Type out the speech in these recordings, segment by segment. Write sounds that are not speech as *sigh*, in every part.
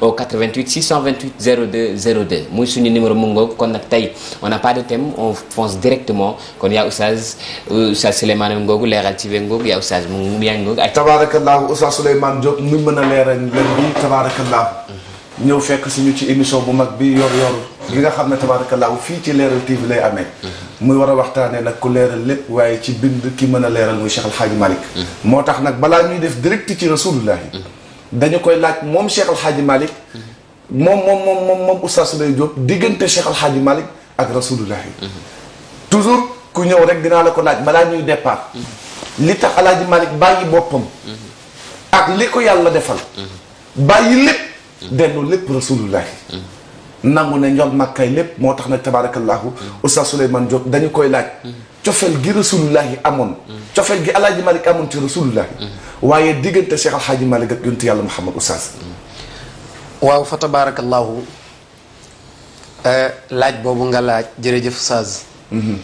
au 88 628 02 02 muy suñu numéro mu ngoog kon nag tey on n'a pas de thème on fonce directement kon yaa Oustaz euh, Oustaz Souleymane Ngoogu leeral ci ngoog yaa Oustaz mu yaa ngoog ay tabaarakallaahu Oustaz Souleymane Diop ñu mën a leeral leen bi tabaarakallaahu ñëw fekk suñu ci émission bu mag bi yoon yoon li nga xam ne tabaarakallaahu fii ci leeral TV lay amee muy war a waxtaanee nag ku leeral lépp waaye ci bind ki mën a leeral muy Cheikh Alhaaji Malick mm-hmm. moo tax nag balaa ñuy def direct ci rasoulullahi dañu koy laaj moom Cheikh Al malik moom moom moom moom moom Oustaz Lay Diop diggante Cheikh Al malik ak Rasulullahi toujours ku ñëw rek dinaa la ko laaj balaa ñuy départ. li tax El malik Malick bàyyi boppam. ak li ko yàlla defal. bàyyi lépp. dellu lépp Rasulullahi nangu ne ñoom makkay lépp moo tax nag tabaarakallaahu Oustaz Souleymane jot dañu koy laaj. cofeel gi rasulullahi amoon cofeel gi alaaji malik amoon ci rasulullahi waaye diggante cheikh alhaaji malik ak yontu yàlla muhammad oustaz waaw fa tabarakallahu eh, laaj boobu nga laaj jërëjëf oustaz mhm.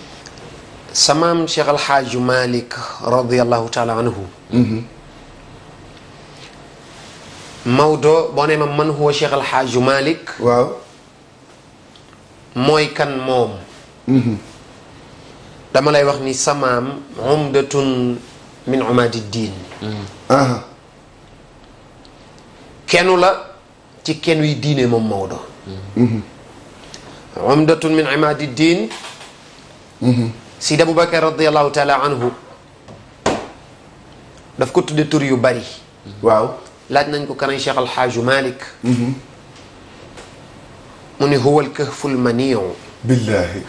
samaam cheikh alhaaji malik radiallahu taala anhu mhm. Mawdo boo nee man huwa Cheikh Al Hadj mooy kan moom. Mhm. dama lay wax ni samaam umdatun min umadi diin mm. kenu la ci kenn wi diine moom Maodo mm-hmm. Mm-hmm. umdatun min umadi diin mm-hmm. Sidi Aboubacar ko tudde tur yu bari waaw laaj nañ ko kanay Cheikh Alxaaju Malik mu ni huwa alkahfu lmaniu billaahi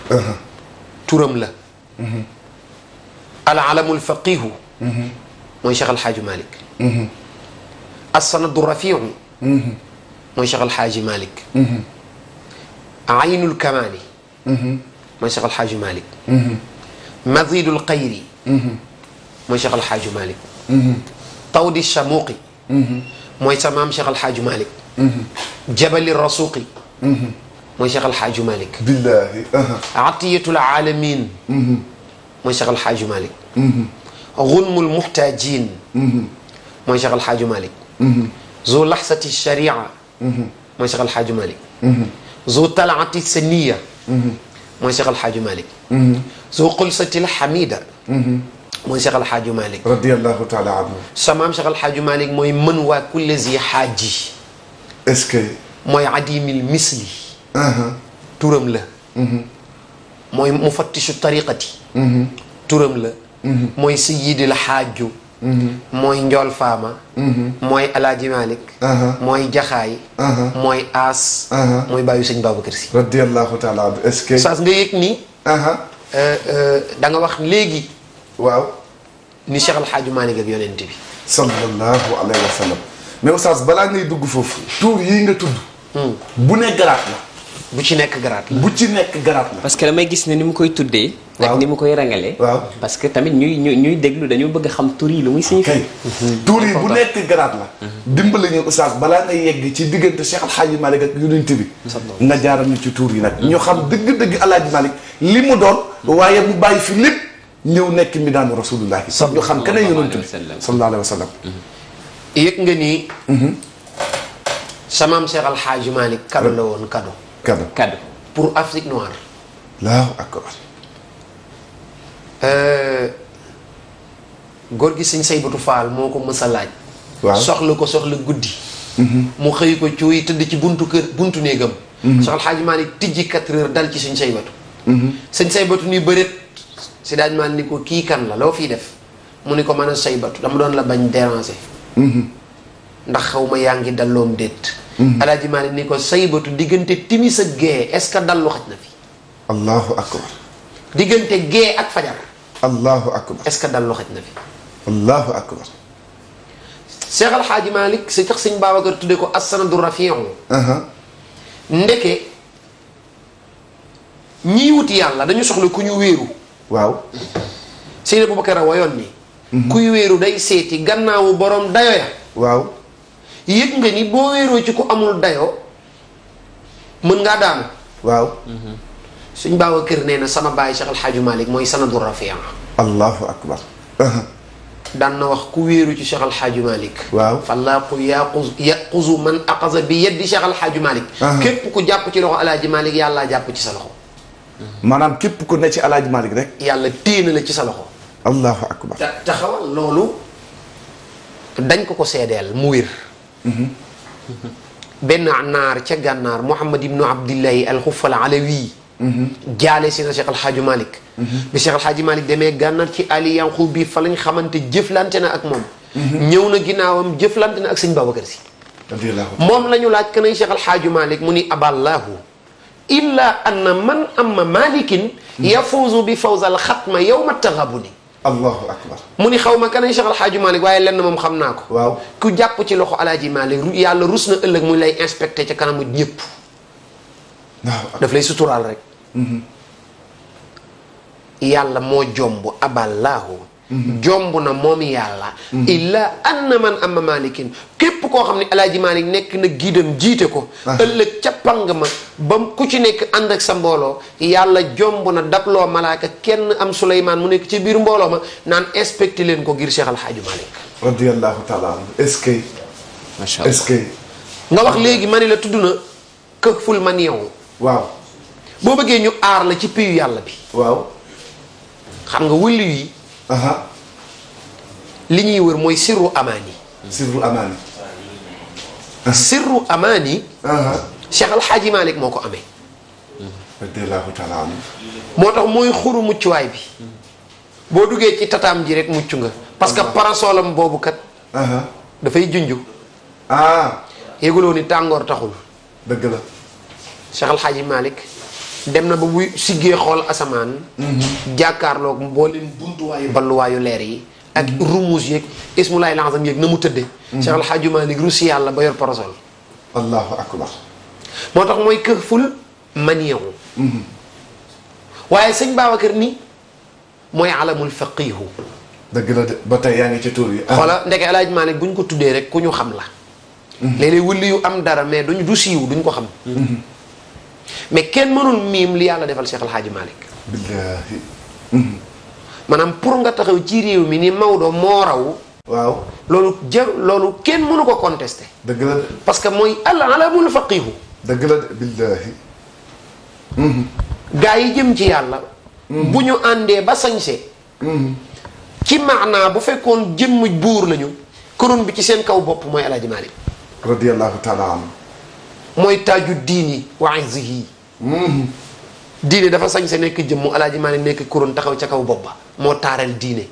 turam la Mm-hmm. al alamul faqihu mm-hmm. mooy Cheikh Alxaaji Malick mm-hmm. assanadu rafiu mooy Cheikh Alxaaji Malick aynul kamaali mooy Cheikh Alxaaji Malick mazidul xayri mooy Cheikh Alxaaji Malick tawdi shamuqi mooy sa maam Cheikh Alxaaji Malick jabali rasuqi mooy Cheikh El Hadj Malick. billaahi. Uh-huh. atiyatul aalamiin. Mm-hmm. mooy Cheikh El Hadj Malick. Mm-hmm. gunmul muxtaajiin. Mm-hmm. mooy Cheikh El Hadj Malick. zu laxsati sharia. mooy Cheikh El Hadj Malick. zu talaati saniya. mooy Cheikh El Hadj Malick. zu xulsatil xamida. mooy Cheikh El Hadj Malick. radiyallaahu taala anhu. samaam Cheikh El Hadj Malick mooy man waa kulli zi xaaji. est-ce que. mooy adimil misli. Uh-huh. turam la mm-hmm. mooy mufattishu tariqati mm-hmm. turam la mm-hmm. mooy sayyidil xaaju mooy njool faama mooy alaaji malik uh-huh. mooy jaxaay uh-huh. mooy aas mooy bàyyu sëñ Babacar Si radiallahu taala anhu est saas nga yëg ni euh, euh, da wax léegi waaw ni Cheikh Al Hadj Malick ak yonent bi sallallahu alayhi wa sallam mais oustaz balaa ngay dugg foofu tuur yii nga tudd hmm. bu ne garaat la bu ci nekk garaat la bu ci nekk garaat la. parce que damay gis ne ni mu koy tuddee. ak ni mu koy rangalee. waaw parce que tamit ñuy ñuy ñuy déglu dañu bëgg xam tur yi lu muy signifié. tur yi bu nekk garaat la. Mhm. dimbali ñu oustaz balaa nga yegg ci diggante Cheikh Al Hadj Malick ak Yonent bi. nga jaaral ñu ci tur yi nag. Mhm. ñu xam dëgg-dëgg El Hadj Malick li mu doon. Mhm. waaye mu bàyyi fi lépp ñëw nekk mi daanu rasulullah. ñu xam keneen Yonent bi sallallahu alayhi wa sallam. yëg nga ni. samaam Cheikh Al Hadj Malick kado la woon kado. cadeau cadeau pour Afrique noire. Allahu euh, góor gi sëñ Saybatu Faal moo ko mës a laaj. waaw soxla ko soxla guddi. Mhm. mu xëy ko cuuy tëdd ci buntu kër buntu néegam. Mhm. soxla xaaj maa ni tijji quatre heures dal ci sëñ Saybatu. Mhm. sëñ Saybatu ni bëreet si daaj maa ni ko kii kan la loo fii def mu ni ko mën a Saybatu dama doon la bañ déranger. ndax xaw ma yaa ngi dalloom déet. Mm-hmm. alaaji Maalik ni ko saybatu diggante timis ak gée est ce na fi allahu akbar diggante gée ak fajar allahu akbar est ce que dallu na fi allahu akbar Cheikh Al si tax sëñ Babacar tuddee ko assanadu rafiu ndeke ñii wuti yàlla dañu soxla ku ñu wéeru waaw Seydi Abubakar a wayoon ni mm-hmm. kuy wéeru day seeti gannaawu borom dayo ya waaw yëg nga ni boo wéeroo ci ku amul dayoo mën ngaa daanu waaw mhm. suñ baawa kër nee na sama baay Cheikh Alxaaji Malik mooy sanadu rafia allahu akbar daan na wax ku wéeru ci Cheikh Alxaaji Malik waaw falaaqu ya yaquzu man aqaza bi yeddi Cheikh Alxaaji Malik képp ku jàpp ci loxo Alaaji Malik yàllaa jàpp ci sa loxo mhm. maanaam képp ku ne ci Alaaji Malik rek yàlla téye la ci sa loxo allahu akbar taxawal loolu dañ ko ko seedeel mu wér benn naar ca gànnaar Mouhamad ibnu Abdillahi alxufal alawi jaale si na Cheikh Alxaaji Malick bi Cheikh Alxaaji Malick demee gànnaar ci ali yanqu bi fa lañ xamante jëflante na ak moom ñëw na ginnaawam jëflante na ak sëñ Babacar Si moom lañu ñu laaj kanay Cheikh Alxaaji Malick mu ni aballahu illa anna man amma malikin hmm. yafuuzu bi fawzal xatma yowma taxabuni allahu akbar mu ni xaw ma kanay Cheikh Alhaaji Malick waaye lenn moom xam naa ko. waaw ku jàpp ci loxo Alaaji Malick yàlla rus na ëllëg mu lay inspecté ca kanamu ñëpp. waaw daf lay suturaal rek. Mm-hmm. yàlla moo jomb abalaahu jomb na moom yàlla illa anna man ama malikin képp koo xam ne alaaji malik nekk na giidam jiite ko ah. ëllëg ca pang ma ba ku ci nekk ànd ak sa mbooloo yàlla jomb na loo malaaka kenn am suleymaan mu nekk ci biir mbooloo ma naan inspecté leen ko ngir Cheikh Alhaaji Malik radiallahu taala est-ce nga wax léegi ma ne la tudd na këful man yow waaw boo bëggee ñu aar la ci piyu yàlla bi waaw xam nga wëlli yi li ñuy wër mooy sirru amaani. sirru amaani. Ah. sirru amaani. Cheikh moo ko amee. radiyallaahu moo tax mooy xuru muccuwaay bi. boo duggee ci tataam ji rek mucc nga. parce que parasolam boobu kat. dafay junju. ah. ni tàngoor taxul. dëgg la. Cheikh Al Hadj dem na ba bu siggee xool asamaan. Mhm. jàkkaarloog mbooleem buntuwaayu balluwaayu leer yi. ak mhm. rumuus yeeg ismulaay laxasam yeeg na mu tëddee. Mhm. Cheikh El Hadj Malick rusi yàlla ba yor parasol. allahu akbar. moo tax mooy kër këful maniyahu. waaye sëñ kër ni mooy alamul faqihu. dëgg la ba tey yaa ngi ci tur yi. Ah. xoola ndeke El Hadj Malick bu ñu ko tuddee rek ku ñu xam la. léeg-léeg wëlli yu am dara mais duñ du siiw duñ ko xam. mais kenn mënul miim li yàlla defal Cheikh El Hadj Malick. billaahi. maanaam pour nga taxaw ci réew mi ni Maodo moo raw. waaw loolu jë loolu kenn mënu ko contester. dëgg parce que mooy al alamul faqihu. dëgg la mhm. gaa yi jëm ci yàlla. Mhm. bu ñu àndee ba sañse mhm. ci naa bu fekkoon mu buur lañu. couronne bi ci seen kaw bopp mooy El Hadj Malick. radiyallahu taala mooy taaju diin yi wa izzihi mm-hmm. diine dafa sañ sa nekk jëmm alaaji maa ne nekk kuroon taxaw ca kaw bopp ba moo taaral diine.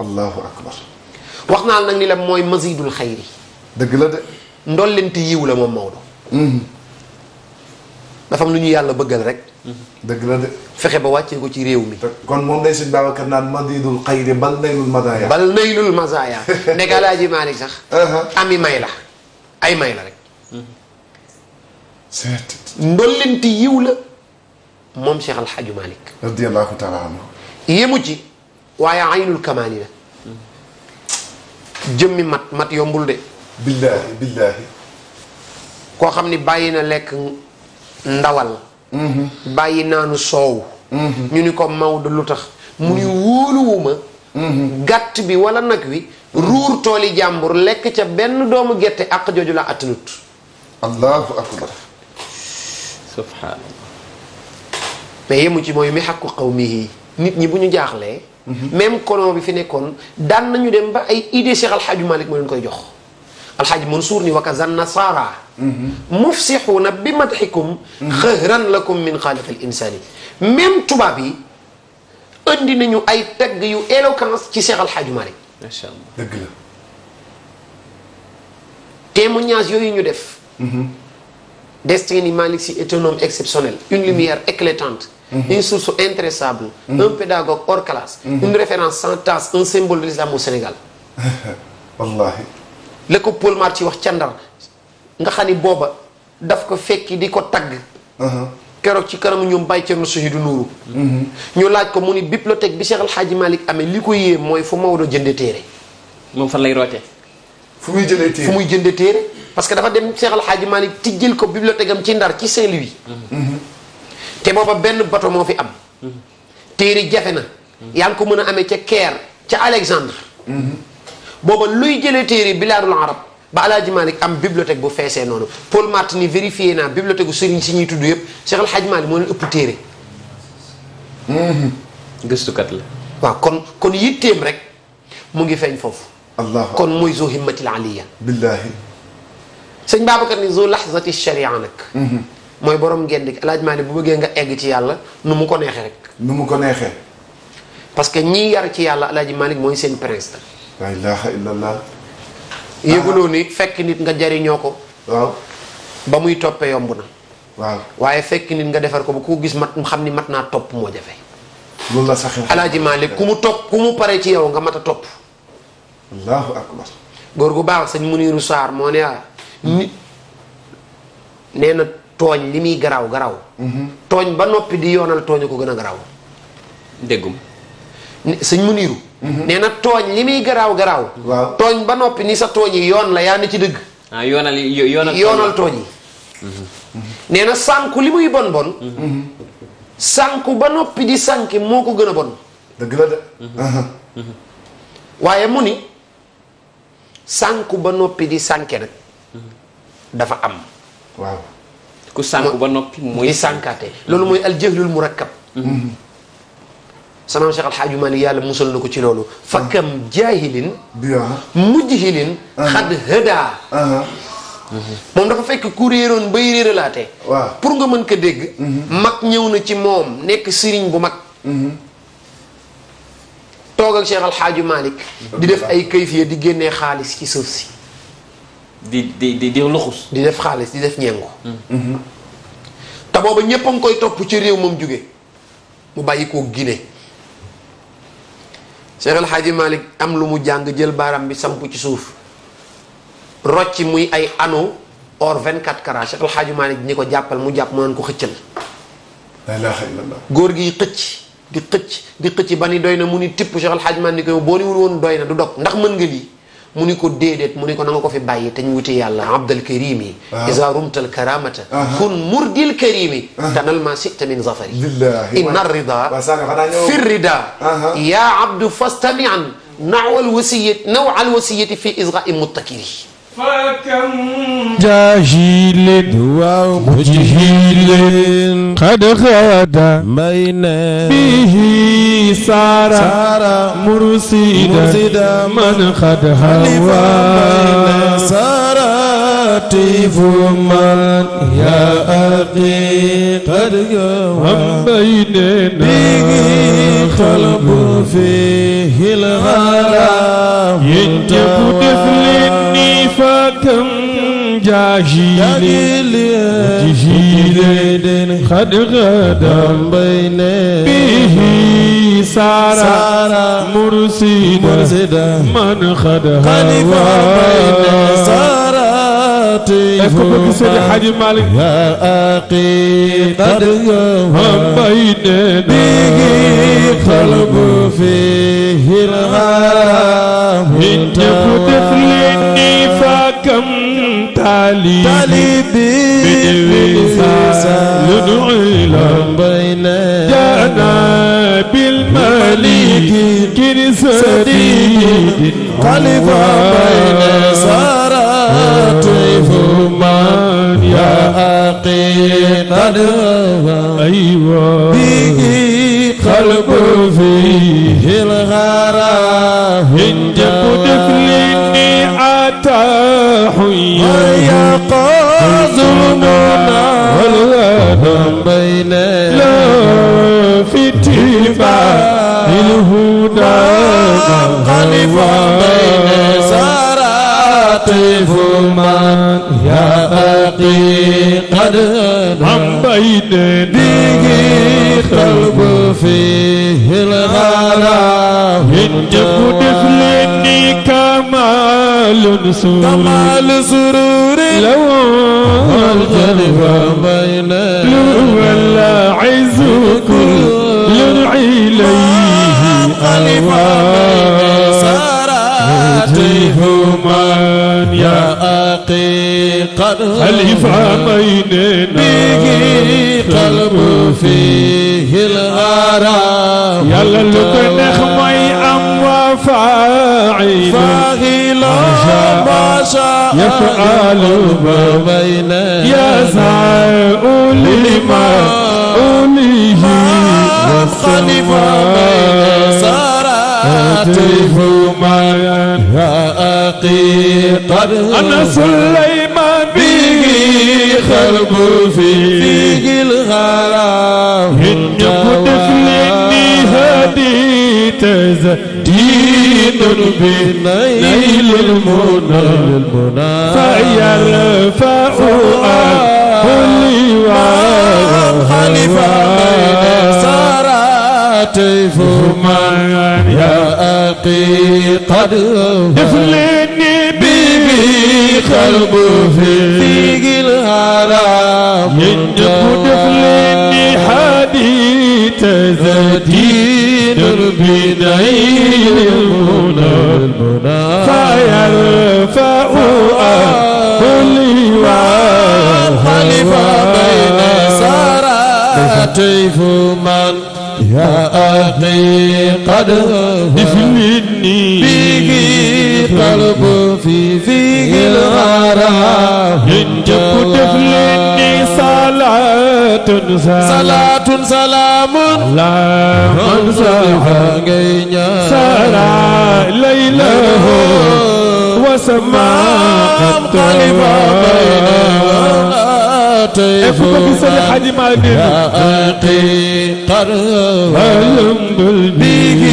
allahu akbar. wax naa nag ni la mooy mazidul xayri. dëgg la de. yiw la moom Maodo. Mm-hmm. dafa ñu yàlla bëggal rek. Mm-hmm. dëgg la fexe ba wàccee ko ci réew mi. kon moom day suñu Babacar naan mazidul xayri bal naylul mazaaya. bal naylul mazaaya. *laughs* nekk alaaji maa sax. Uh-huh. ami may la ay may la rek. ndollinti yiw la moom Cheikh Al yemu ci waaye aynul kamaali la. jëmmi mat mat yombul de. billaahi billaahi. koo xam ni bàyyi na lekk ndawal. Mm-hmm. bàyyi naanu soow. Mm-hmm. ñu ni ko Maodo lu tax. mu ni mm-hmm. wóoluwuma. gàtt bi wala nag wi. ruur tooli jàmbur lekk ca benn doomu gerte ak jooju la attanut. allahu akbar. subhanallah mais yemu ci mooy mi xàqu qawmihi nit ñi bu ñu jaaxlee. Mhm. même colon bi fi nekkoon daan nañu dem ba ay idée Cheikh Al Hadj Malick ma leen koy jox. Al Hadj Mansour ni wakazan nasara. mufsixuuna mhm. bi madxikum. xëhran mhm. lakum min xaaliqi al insaani. même tubaab yi andi nañu ay tagg yu éloquence ci Cheikh Al Hadj Malick. macha allah dëgg la. témoignage yooyu ñu def. Destiny Malick Sy est un homme exceptionnel une lumière éclatante mhm. une source intraçable mhm. un pédagogue hors classe mhm. une référence sans un symbole de Sénégal la *laughs* ko Paul Marty wax ca Ndar nga xam ni booba daf ko fekki di ko tagg uh-huh. keroog ci kanamu ñoom bàyyi Cerno Seydou Nourou ñu laaj ko mu ni bibliothèque bi Cheikh El Hadji Malick amee li ko yéem mooy fu Maodo jënde téere moom fan lay muy jënde téere fu muy jënde téere parce que dafa dem Cheikh Al Hadj Malick tijjil ko bibliothèque am ci Ndar ci Saint-Louis. te booba benn boto moo fi am. téere jafe na. yaa ngi ko mën a amee ca Caire ca Alexandre. booba luy jëlee téere bilaadul arab ba El Hadj Malick am bibliothèque bu feesee noonu Paul Martini vérifié naa bibliothèque bu si ñuy tudd yëpp Cheikh Al Hadj Malick moo leen ëpp téere. gëstukat la. waaw kon kon yitteem rek mu ngi feeñ foofu. kon mooy zo himmatil aliya. sëñ Babacar ni zo lahzati sharia nag mhm. mooy boroom ngeen gi alaaj maa bu bëggee nga egg ci yàlla nu mu ko neexee rek nu mu ko neexee parce que ñi yar ci yàlla alaaji Malick mooy seen prince la laa ni fekk nit nga jariñoo ko ba muy toppee yomb na waaw waaye fekk nit nga defar ko ba ku gis mat xam ni mat naa topp moo jafe loolu la sax alaaji Malick ku mu topp ku mu pare ci yow nga mat a topp góor gu baax sëñ Muniru Saar moo ne ah nit nee na tooñ li muy garaaw garaaw. Mhm. tooñ ba noppi di yoonal tooñu ko gën a garaaw. déggum. sëñ mu niiru. Mhm. nee na tooñ li muy garaaw garaaw. waaw tooñ ba noppi ni sa tooñ yi yoon la yaa ni ci dëgg. ah yoonal yoonal yoonal tooñ mhm. na sànku li muy bon bon. sànku ba noppi di sànki moo ko gën a bon. dëgg waaye mu ni sànku ba noppi di sànke nag. dafa am. waaw ku sànku ba noppi. muy sànkaate loolu mooy aljahlul murakkab. Mm-hmm. sanaam Cheikh xaaju Maalik yàlla musal na ko ci loolu. fakkam ah. jaahilin. mujjhilin. Ah. xad hëdaa. Ah. moom dafa fekk ku réeroon bay réeralaate. waaw pour nga mën ko dégg. Mm-hmm. mag ñëw na ci moom nekk sëriñ bu mag. Mm-hmm. toog ak Cheikh Alxaaji Maalik di def ay kayfiya di génnee xaalis ci suuf si. di di di di luxus. di def xaalis di def ñeengu. Mm. Mm-hmm. te booba ñëpp koy topp ci réew moom jóge mu bàyyi koo Guinée. Cheikh El am lu mu jàng jël baaram bi samp ci suuf rocci muy ay anneau or 24 carats Cheikh El Hadji Malick ñi ko jàppal mu jàpp mu naan ko xëccal. la góor gi xëcc. di xëcc di xëcc ba ni doy na mu ni tipp Cheikh El Hadji Malick ni ko boo ni wul woon doy na du dog ndax mën nga lii. mu ni ko déedéet mu ni ko na nga ko fi bàyyi te ñu wuti yàlla abdal karimi ah. isa rumtal karamata kun murdil karimi ah. tanal ma sita min zafari inna rida fi rida ya abdu fastamian naw al wasiyati naw al wasiyati fi israi muttakiri جاهل ومجهل قد غدا بين به سارا مرسدا من قد هوى ساراتيف من يا أخي قد غوى بيننا به خلق فيه الغلا ينجب طفل كم جاهل جهيل قد غدا بين به سارا مرسدا من خد هوا سارا est-ce que bëgg Seydi Hadji Malick yaa aqi qad yawam baynana bigi qalbu fihi al-ghaam inta kutuf lini fakam talibi bidwisa ludu ila baynana jana bil maliki kiri sadidi qalifa baynasa ثمان يا أقي قد أيوة به خلق فيه الغرام إن جبت فلني أتاه يا قاظمنا والغنم بين لا في اتباع الهدى قد حقي قد هم بين ديغي قلب فيه الغلا من جب دفلني كمال سرور كمال سرور لو الجلب بين لو العز كل يرعي ليه قلب سراتهما يا أقيل الف عمين به قلب فيه الغرام يلا لك نخمي ام وفاعل فاغلا ما شاء يفعل بين يسعى لما أوليه والصنف بين سراتيه ما يا أقي قد أنا سليم xalq fi gil xaraam ñëpp def leen ni hadi taza diinun bi naylil muna fa yarfa'u kulli wa xalifa saratay fu man ya aqi qad def leen ni bi bi xalq fi def leen ni hadith zadid binayil muna fayarfa'u kulli wa khalifa bayna sara tayfu man ya akhi qad diflini bihi القلب في فيه الغرام إن جب تفلني صلاة صلاة سلام لا من صلاة سرى ليله وسماء قلبا بينه طيفنا باقي قرب به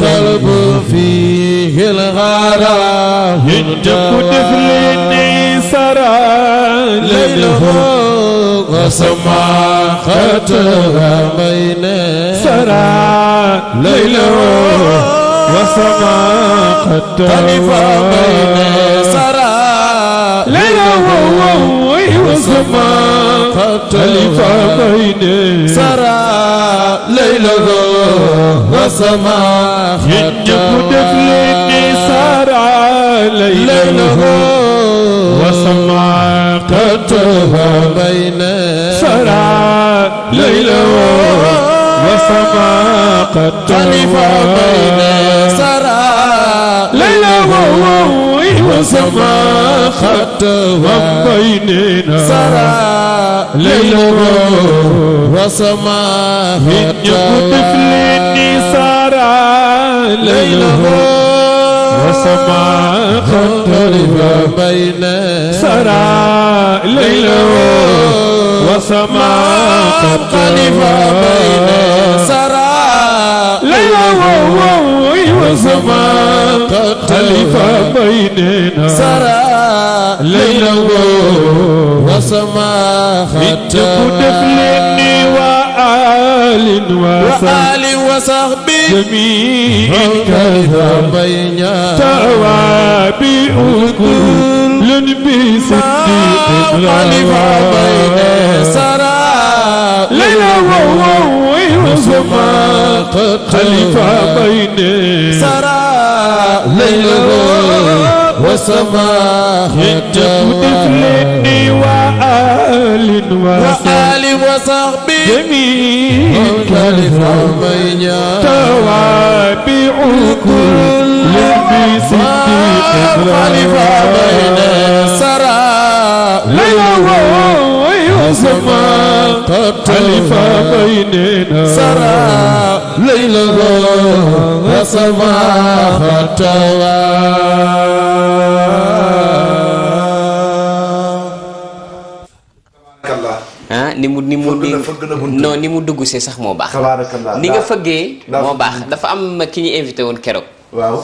قلب فيه الغرام ينجب طفل سرى ليله وسمع خطر بين سرى ليله وسمع خطر بين سرى ليله وسما تلف بين سرى ليله وسما ينجب دفلني سرى ليله وسما تلف بين سرى ليله وسما تلف بين سرى ليله وسما خطا وبيننا سرى ليله وسما خطا من يكتب لني سرى ليله وسمع قد طلب بين سرى ليله وسمع قد طلب بين سرى ليله وسمع قد طلب بيننا سرى ليله وسمع قد تكون وآل وسهل وآل وسهل جميع كذا بين توابع كل بصديق خلف بين سرى ليلى وهو ثم خلف بين سرى ليلى وسماح تفلتني وآل وآل وصحب جميعك لثمين توابع كل بصديق خلفا بين سراء ليوم وسماح خلفا بيننا سرى ليلة وصباح تبارك ah ni mu ni mu ni non ni mu dugg see sax moo baax. ni nga fëggee. moo baax dafa am ki ñu invité woon keroog. waaw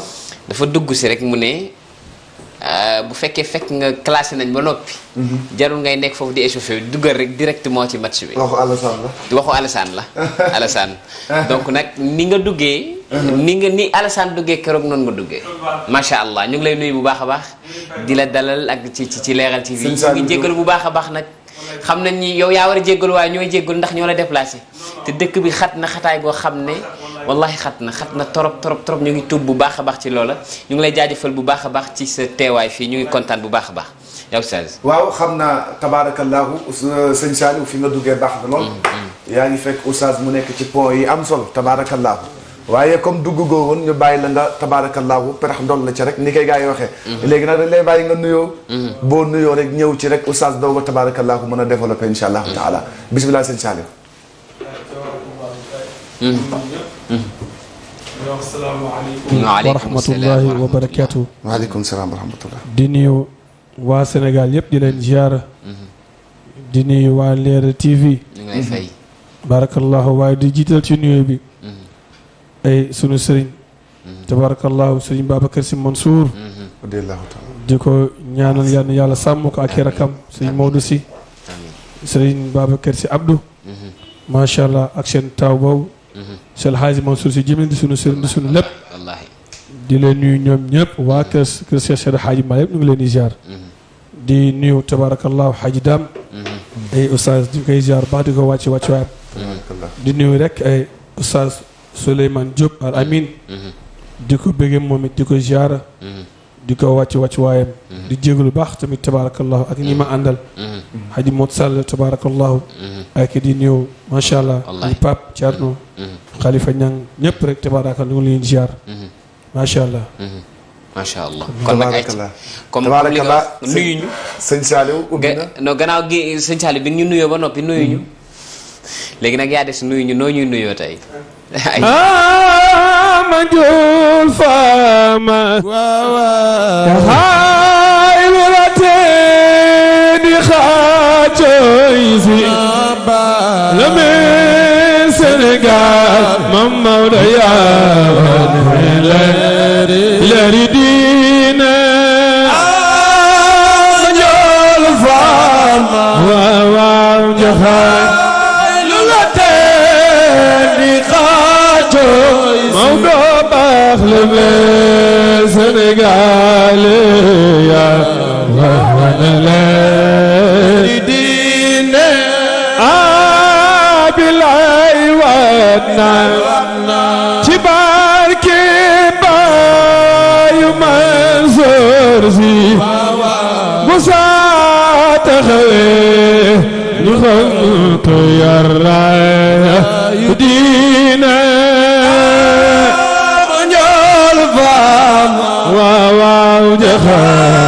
dafa dugg si rek mu ne. Euh, bu fekkee fekk nga classé nañ ba noppi. Mhm. jarul ngay nekk foofu di échauffé duggal rek directement ci match bi. waxu Alassane la waxu Alassane la *laughs* Alassane donc nag ni nga duggee. Mhm. ni nga ni Alassane duggee keroog noonu nga duggee. macha allah ñu ngi lay nuyu bu baax a baax. di la dalal ak ci ci ci Leral TV. ñu ngi jéggalu bu baax a baax nag. xam nañ ni yow yaa war a jéggalu waaye ñooy jéggalu ndax ñoo la déplacé. te dëkk bi xat na xataay goo xam ne. wallahi xat na xat na torop torop torop ñu ngi tuub bu baax a baax ci loola ñu ngi lay jaajëfal bu baax a baax ci sa teewaay fii ñu ngi kontaan bu baax a baax waaw xam naa tabaarakallaahu euh, sëñ Saliou fi nga duggee baax na lool mm, mm. yaa ngi fekk Oustaz mu nekk ci point yi am solo tabaarakallaahu waaye comme dugg goo woon ñu bàyyi la nga tabaarakallaahu perax ndol la ci rek ni koy gars yi waxee mm-hmm. léegi nag dañ lay bàyyi nga nuyoo mm-hmm. boo nuyoo rek ñëw ci rek oustaz dooga tabaarakallaahu mën a développé insha allahu taala mm-hmm. bisimilah sëñ Saliou asalaamaaleykum wa rahmatullahi wa di waa Sénégal yëpp di leen ziara. Mhm. di nuyu waa Leral TV. ñu ngi mhm. waaye di jiital ci nuyu bi. Mhm. ay sunu sëriñ. tabarakallahu sëriñ Babacar Sy Mansour. radiyallahu taala. di ko ñaanal yal na yàlla sàmm ko ak i rakam sëriñ Maodo Sy. sëriñ Babacar Sy Abdou. macha allah ak seen taw boobu. Seex Alxaaji Mansuur Si jëmin di sunu sëriñ di sunu lépp di leen nuyu ñoom ñëpp waa kër kër Seex Seex ñu ngi leen di ziar di nuyu tabaarakallaahu xaaji daam ay oustaz di koy ziar baax di ko wàcc wàcc waayam di nuyu rek ay oustaz Souleymane Diop al amin di ko bëggee moom di ko ziar ko wàcc wàcc waayam di jégalu baax tamit tabaarakallaahu ak ñi ma àndal xaaji Mot Sall tabaarakallaahu ak di nuyu macha allah di Pape Thierno xalifa mm-hmm. ñang ñëpp rek tabaaraka ñu ngi leen ziar. Mm-hmm. macha allah. Mm-hmm. macha allah kon nag ay comme comme li nga nuyu ñu. sëñ Saliou ubbi gannaaw gi sëñ Saliou bi ñu nuyoo ba noppi nuyu léegi nag yaa des nuyu noo ñuy nuyoo tey. ma jul faama. waaw waaw. Sénégal Mam Maodo yaa leeri leeri diine aa njool faal waaw waaw njoxaay lu la tee di xaajoo Maodo baax le bee Sénégal yaa wax wane leen na ci barke baayu Mansoor Si bu saa taxawee ñu xam ko yaraaya diina waaw waaw jaxaa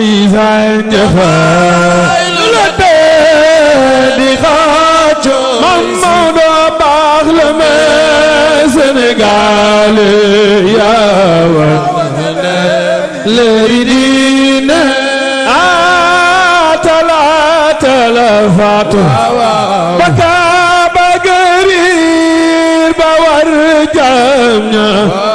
إذا انجفى لتدي خاتش من مضى بغل من سنغال يا وهلا لردين آتلا تلفات بكى بقرير بورجمنا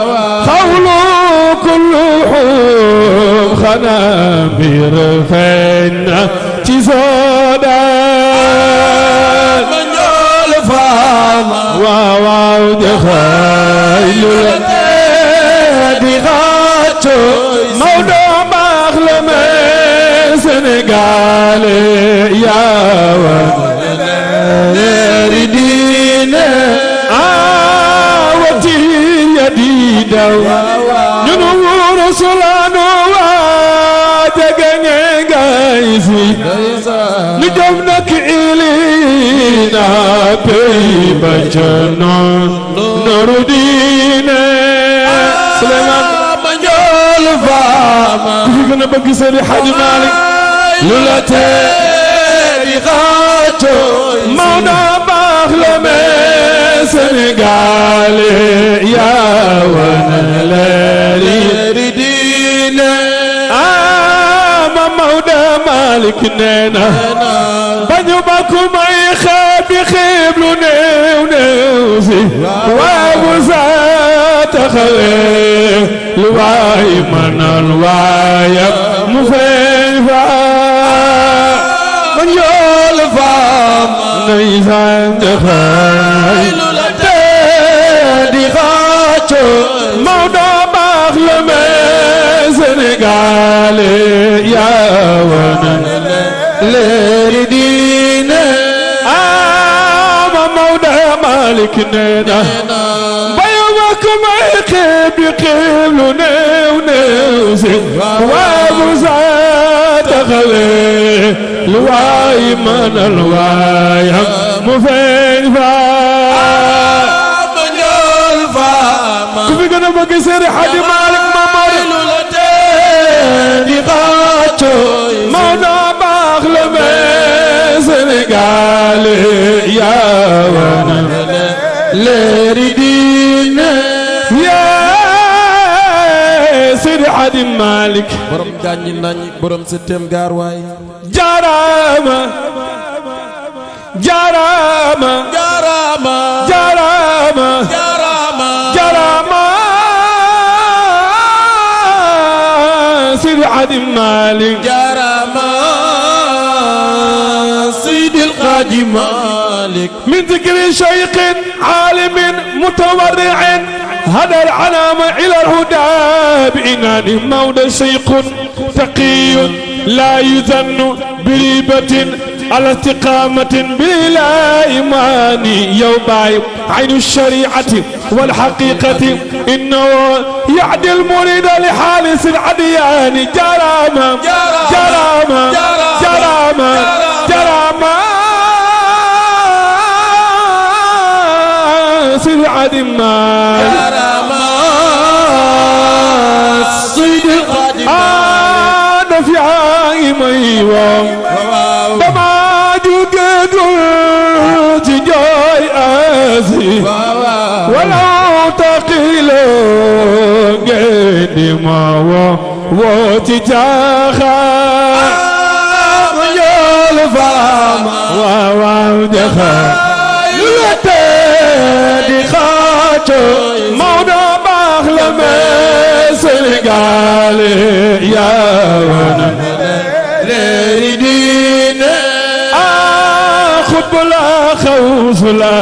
wana bir fen ci soda manol faam waaw waaw jaxay la di xaccu Maodo baax la me Sénégal yaawa leeri diine awati ya di daw ñunu wuru بجنان نور الدين سليمان بنجول فاما كنا بقي سيدي حاج مالك لولا تيري غاتو مونا باخلمي سنغالي يا وانا لاري ديني Malick nee ba ku may xeeb yi xiib lu néew néew si waaye bu saa lu waay manal waayam mu feeñ fa man yoo la faam nay saan taxaay te di xaacoo Maodo baax la mee Sénégal علي يا ونا لردينا آم مودع مالك نينا بيوكم قبل قبل نيو نيو زين وابوزات خلي لواي من الواي مفين فا من الفا كفي كنا بكسر حد مالك di xaacooy Maodo baax la mais Sénégal yaa wana leeri diine yee Seydi Hadi Malick borom gàññi nañ borom septième gaar waay jaaraama jaaraama jaaraama عن مالك جرما سيد الخادي مالك من ذكر شيخ عالم متورع هذا العنام إلى الهدى بإنان مولى شيخ تقي لا يذن بريبة على استقامة بلا إيمان يوباي عين الشريعة والحقيقة إنه يعدي المريد لحالس العديان جراما جراما جراما جراما سلعة ما جراما صدق نفعا إميوان walaw taqiloo ngeen di ma woo woo ci jaaxaan. ma ñool faam. waaw waaw jaaxaan. lu la tee di xaajoo. Maodo baax la mais Sénégal yaa wana. leeri diine. ah xutbu la xawf la.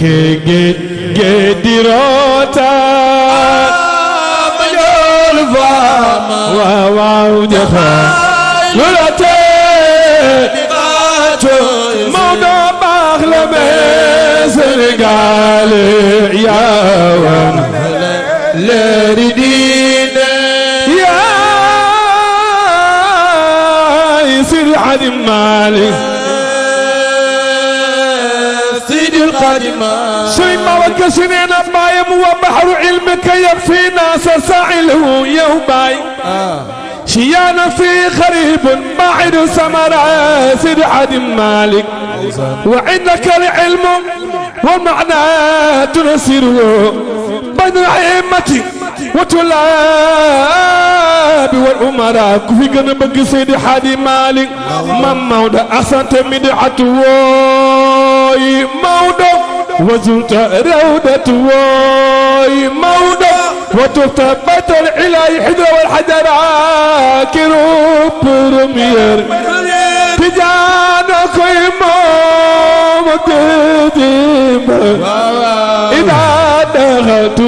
ke ge ge dirota ma jol va wa wa de kha wala te di ba jo mo do bax le be Senegal ya wan le ridine ya sir adim malik Sëriñ Mawake Si nee na baayam wa bahru ilmika yakfiina sa sa'ilahu yow baay شيانا في غريب بعد سمرة سيد عاد مالك وعندك العلم والمعنى تنسره بين الأئمة وتلاب والأمراء في جنبك سيد حاد مالك مما مودة أسانت مدعته مودة وزرت روضة وي موضة وطفت بيت العلاج حجرة والحجر كروب رمير تجانا خيمة وقديمة إذا دخلت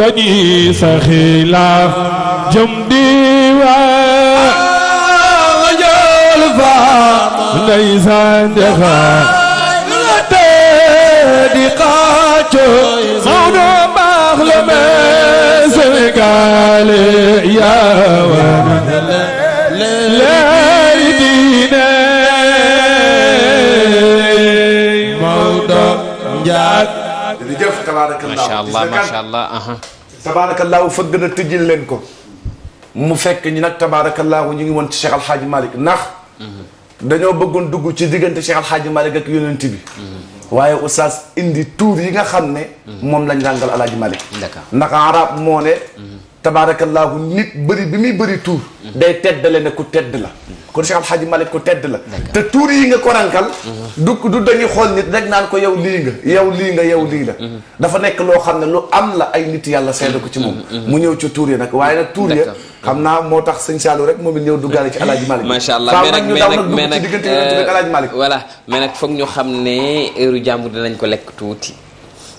بني سخيلة جمدي وجلفة ليس دخل di xaacoo Maodo baax la mais Sénégal yaa leer diine Maodo Ndiaye. jërëjëf tabaarakallah macha allah macha allah. tabaarakallah fëgg na tëjil leen ko. mu fekk ñi nag tabaarakallah ñu ngi woon ci Cheikh Al Hadj Malick ndax. Mhm. dañoo bëggoon dugg ci diggante Cheikh Al Hadj Malick ak yonent bi. Mhm. waaye oustaz indi tuur yi nga xam ne. Mm. moom lañ ràngal El Hadj Malick. d'accord ndax arab moo ne. Mm. tabaarakallaahu nit bëri bi muy bëri tuur mhm. day teddale ne ku tedd la mhm. kon Cheikh Al Hadji Malick ku tedd la te tuur yi nga korankal rankal mhm. du du xool nit rek naan ko yow lii nga yow lii nga yow lii la dafa nekk loo xam ne lu am la ay nit yàlla seede ko ci moom mu ñëw ci tuur yi nag waaye nag tuur ya xam naa moo tax sëñ Saalum rek moom it ñëw duggaale ci El Hadj Malick. macha allah mais nag mais nag mais nag euh, voilà mais nag foog ñu xam ne heure jàmbur nañ ko lekk tuuti.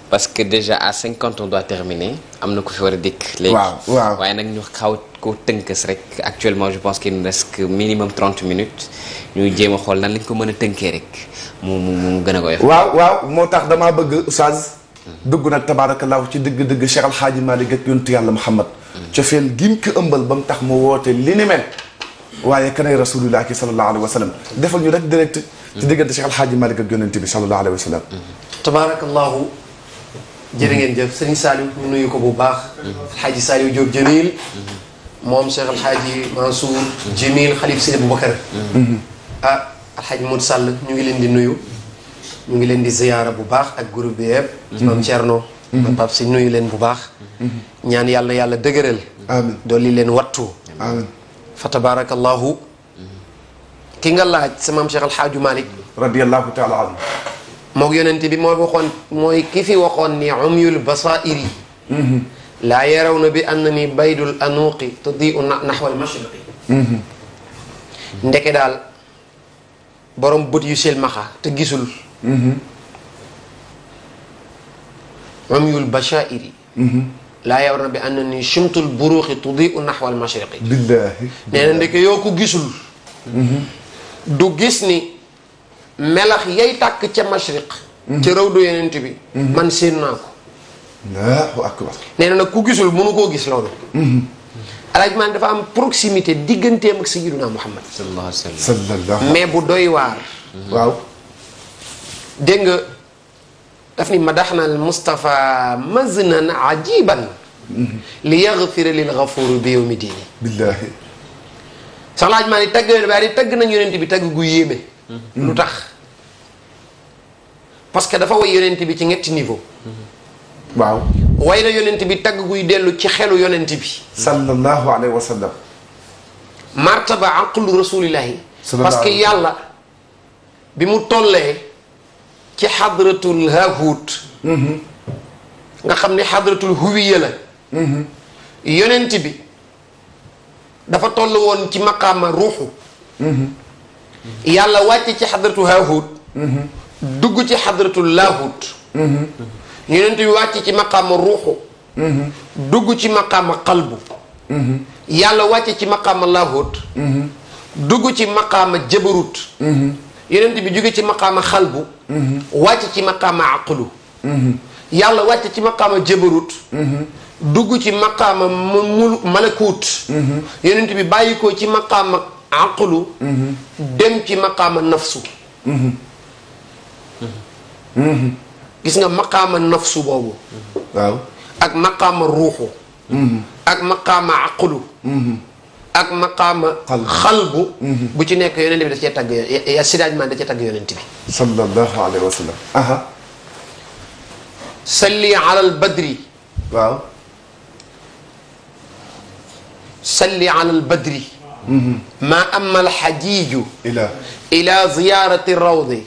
parce que déjà à cinquante on doit terminer am na ku fi war a dikk. léegi waaw waaye nag ñu xaw ko rek actuellement je pense qu'il nous reste minimum trente minutes ñu jéem a xool nan lañ ko mën a tënkee rek mu mu mu gën a koy. waaw waaw moo tax damaa bëgg Oustaz. dugg nag tabaarakallaahu ci dëgg-dëgg Cheikh Al Hadji Malick ak yontu yàlla Muhammad. Mm. cofeel gim ko ëmbal ba mu tax mu woote li ni mel. waaye kanay rasulullah ki sallallahu alayhi wa sallam defal ñu rek direct. ci mm. diggante Cheikh Al Hadji Malick ak yonente bi sallallahu alayhi wa sallam. Mm. tabaarakallahu jërë ngeen jëf sëriñ Saliou nuyu ko bu baax. xaaji Saliou Diop Jamil. moom Cheikh alxaaji Mansour. Jamil xalif Seydi Boubacar. ah alxaaji Modou Sall ñu ngi leen di nuyu. ñu ngi leen di ziyaara bu baax ak groupe bi yëpp. maam Thierno. si nuyu leen bu baax. ñaan yàlla yàlla dëgëral. amiin dolli leen wattu. amiin fa tabaarakallaahu ki nga laaj sa maam Cheikh alxaaji Malick. radiyallaahu taala anhu moog yonent bi mooy waxoon mooy ki fi waxoon ni umyul basairi mhm. laa yaraw na bi annani baydul anuuqi tudiu naxwal mashriqi mhm. ndeke daal borom bët yu silmaxa te gisul mhm. umyul basairi laa yaraw na bi annani sumtul buruuqi tudiu naxwal mashriqi na ndeke yoo ko gisul du gis melax yay takk ca mashriq ca rawdu yenent bi mhm. man seen naa ko na akbar nee na nag ku gisul mënu koo gis loolu mhm. maan dafa am proximité digganteem ak sayyiduna muhammad sallallahu alayhi mais bu doy waar mhm. waaw nga daf ni madaxna al mustafa maznan ajiban li yaxfira li gafuur bi yawmi diini billaahi sax alaaj maan ni tagg ba tagg nañ yonent bi tagg gu Mm-hmm. lu tax parce que dafa way yonent bi ci ñetti niveau mm-hmm. waaw way na yonent bi tagg guy dellu ci xelu yonent bi sallallahu alayhi wa sallam martaba rasulillahi parce que yàlla bi mu tollee ci xadratul hahut mm-hmm. nga xam ne xadratul huwiya yonent bi dafa toll woon ci maqaama ruuxu yàlla wàcc ci xadratu haahut dugg ci xadratu laahut yonent bi wàcc ci maqaama ruuxu dugg ci maqaama qalbu yàlla wàcc ci maqaama ci maqaama jabarut yonent bi jóge ci maqaama xalbu ci maqaama aqlu yàlla wàcc ci maqaama jabarut dugg ci maqaama mu malakuut yonent bi bàyyi ko ci aqlu dem ci maqaama nafsu gis nga maqaama nafsu boobu waaw ak maqaama ruuxu ak maqaama aqlu ak maqaama xalbu mhm. bu ci nekk yonent bi da cee tagg ya sidaajman da cee tagg yonent bi sallallahu alayhi wa sallam aha salli ala al badri waaw salli ala al badri ما أما الحجيج إلى إلى زيارة الروض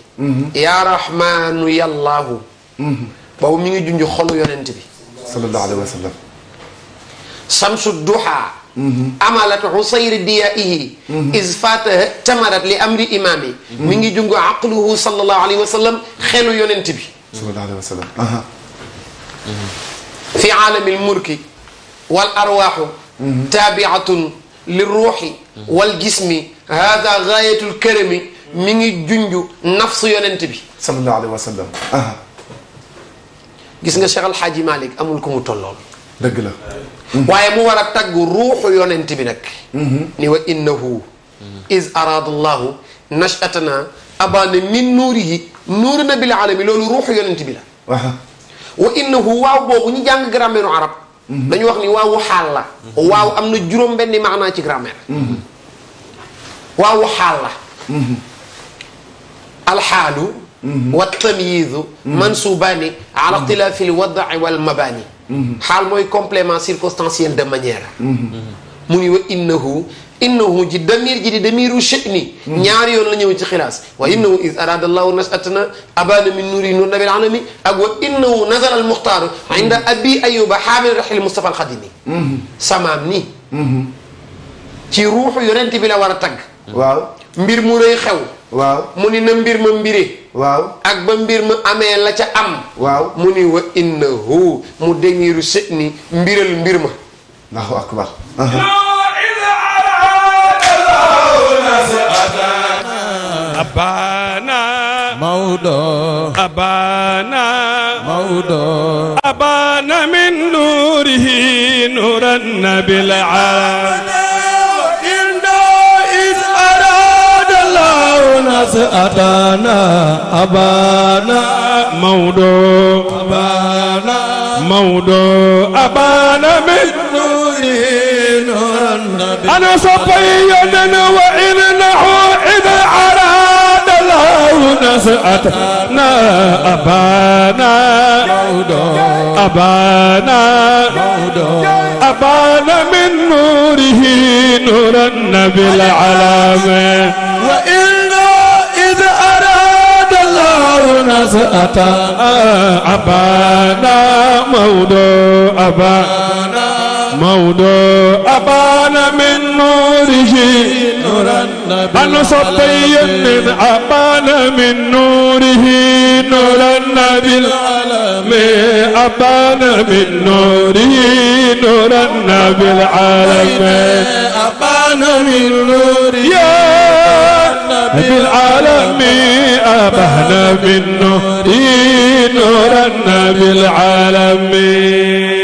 يا رحمن يا الله boobu mi ngi junj xolu yonent bi sallallahu alayhi wa sallam samsu duha mhm. amalat usayri diyaihi mhm. is fataha tamarat li amri imami mhm. mi ngi junj aqluhu sallallahu alayhi wa sallam xelu yonent bi sallallahu alayhi wa sallam fi aalami almulki wal arwaxu tabiatun li ruuxi wal jismi hada gaayatul karami mi ngi junju nafsu yonent bi sallallahu alayhi wa sallam gis nga Cheikh Alhaaji Malick amul ku mu tollool dëgg la mm-hmm. waaye mu war a tagg ruuxu yonent bi nag mm-hmm. ni wa innahu mm-hmm. is araada llahu nashatana abaana min nuurihi nuurina bil alami loolu ruuxu yonent bi la wa innahu waaw boobu ñu jàng grammaire arab dañu wax ni waawu xaal la waaw am na juróom benni maanaa ci grammaire waawu xaal la alxaalu wa tamyiizu mansuubaani ala ixtilaafi lwadai wal mabaani xaal mooy complément circonstanciel de manière mu ngi wa innahu innahu ji damir ji di damiru sha'ni hmm. ñaari yoon la ñëw ci xilaas wa innahu is arada allahu nasatana abana min nuuri nuur nabil alami ak wa innahu nazala al ayuba xaamil raxil mustafa hmm. hmm. war a tagg waaw mbir mu rëy mu ni na mbir ma mbiree waaw ba mbir ma amee la ca am mu ni wa innahu mu damiru sha'ni mbiral mbir ma allahu akbar أبانا موضوع أبانا موضوع أبانا من نوره نورا بالعالم أتانا أبانا موضوع أبانا موضوع أبانا من نوره أنا صبي وإنه إذا أراد الله نسأتنا أبانا أبانا أبانا من نوره نور النبي العالمين وإنه إذا أراد الله نسأتنا أبانا موضوع أبانا موضوع أبان من نوره نورا أن صبي من أبان من نوره نورا نبي العالمين أبان من نوره نورا نبي العالمين أبان من نوره يا نبي العالمين أبان من نوره نورا نبي العالمين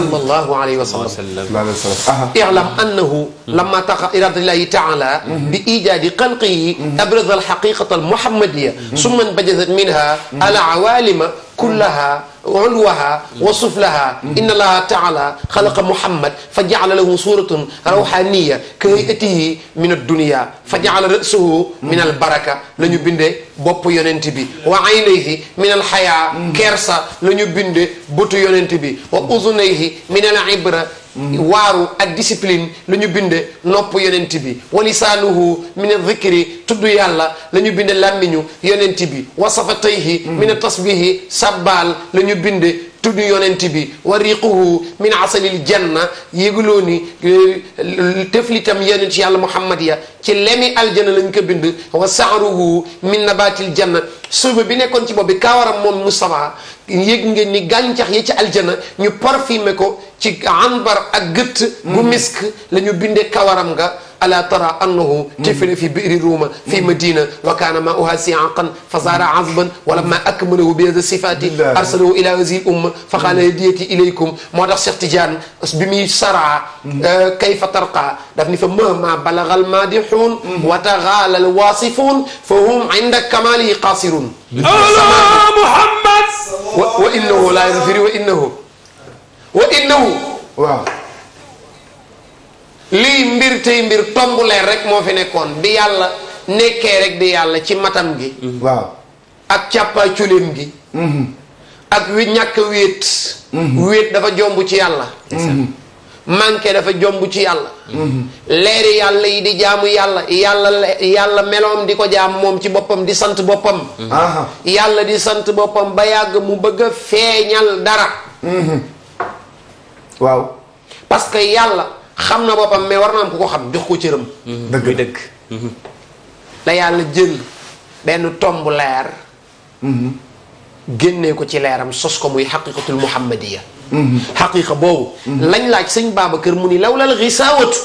sallallahu alayhi wa sallam i'lam annahu lamma taqa irada llahi taala bi ijadi xalqihi abraza alxaqiqata almuhammadia summan bajazat minha ala awalima kullaha ulwaha wa suflaha inna allaha taala xalaqa muhammad fa jaala lahu suratun rawhaniya ka hayatihi min addunia fa jaala rasuhu min albaraka la ñu bindee bopp yonent bi wa aynayhi min alxaya kersa la ñu bindee bëtu yonent bi wa uzunayhi min alibra Mm-hmm. waaru ak discipline la ñu binde nopp yonent bi walisaanuhu min adh-dhikri tudd yàlla lañu ñu binde làmmiñu yonent bi wa safatayhi mm-hmm. min at-tasbihi sabbaal la ñu binde tudd yonent bi wa riquhu min asalil janna yéeguloo ni euh, teflitam yonent yàlla muhammad ya ci lemi aljanna lañ ko bind wa saaruhu min nabatil janna suuba bi nekkoon ci bopp bi kaawaram moom Moustapha yéeg ngeen ni gàncax yi ci aljanna ñu parfumé ko ci anbar ak gët bu misk lañu ñu bindee kawaram nga alaa tara annahu tefile fi biiri ruuma fi madina wa kaana maa'uha si'aqan fa saara azban wa lamma akmalahu bi hada sifaati arsalahu ila hazihi umma fa qaala hadiyati ilaykum moo tax Cheikh Tidiane bi muy saraa kayfa tarqaa daf ni fa mahma balagha almaadixuun wa taxaala alwaasifuun fa hum inda kamaalihi qaasiruun alaa Muhammad wa innahu laa yanfiri wa innahu wa innahu waaw lii mbir tey mbir tomb leer rek moo fi nekkoon bi yàlla nekkee rek di yàlla ci matam gi mhm. waaw ak càppaa culim gi mhm. ak wi ñàkk wéet mhm. wéet dafa jomb ci yàlla manqué dafa jomb ci yàlla leeri yàlla yi di jaamu yàlla yàlla yàlla meloom di ko jaam moom ci boppam di sant boppam yàlla di sant boppam ba yàgg mu bëgg a feeñal dara waaw parce yàlla xam na boppam mais war na am ku ko xam jox ko cëram. Mhm. dëgg dëgg. Mhm. la yàlla jël benn tomb leer. Mhm. génnee ko ci leeram sos ko muy mu muhammadiya. xaqiqa boobu. lañ laaj sëñ kër mu ni lawlal xisaawatu.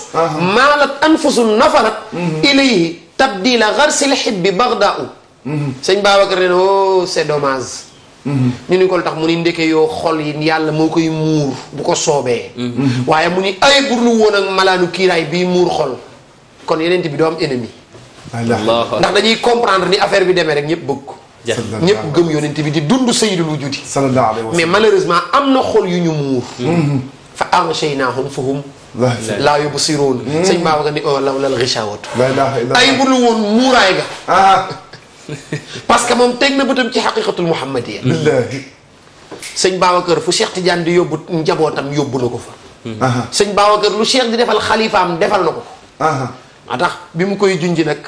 maalat anfusun nafarat. ilayhi tabdila garsil xibbi bagdaau. sëñ Babacar ne oh c'est dommage. Mm-hmm. ñu ni ko lu tax mu ni ndeke yoo xol yi yàlla moo koy muur bu ko soobee mm-hmm. waaye mu ni ay burlu woon ak malaanu kiiraay bi muur xol kon yeneen bi doo am ennemi ndax dañuy comprendre ni affaire bi demee rek ñëpp bëgg ko ñëpp gëm yonent bi di dund sayyidul wujudi mais malheureusement am na xol yu ñu muur mm-hmm. fa aghshaynahum fa hum laa yubsiruun sëñ Babacar ni oh, law lal ghishawatu ay bu lu woon muuraay ga ah. *laughs* parce que moom teg na bëtam ci xaqiqatul muhammadiya sëñ kër fu Cheikh Tidiane di yóbbu njabootam yóbbu na ko fa sëñ kër lu Cheikh di defal xalifaam defal na ko ko maa bi mu koy junj nag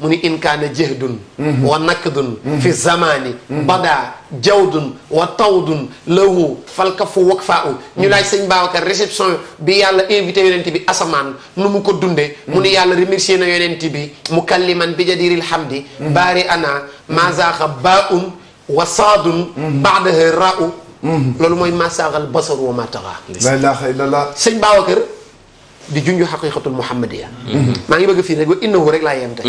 mu ni in kaana jihdun mhm. wa nakdun fi zamani mhm. mhm. bada jawdun wa tawdun lahu falkafu wak faa u ñu laaj sëñ Babacar réception bi yàlla invité yonent bi asamaan nu mu ko dundee mu ni yàlla remercier na yonent bi mu kalliman bi jadiril hamdi baari ana mazaaxa baa un wa saadun baadaha ra u loolu mooy masaaxal basar wa mataxa la ilaha illallah sëñ Babacar di junj xaqiqatul muhammadiya maa ngi bëgg fii rek ba innahu rek laa yem tey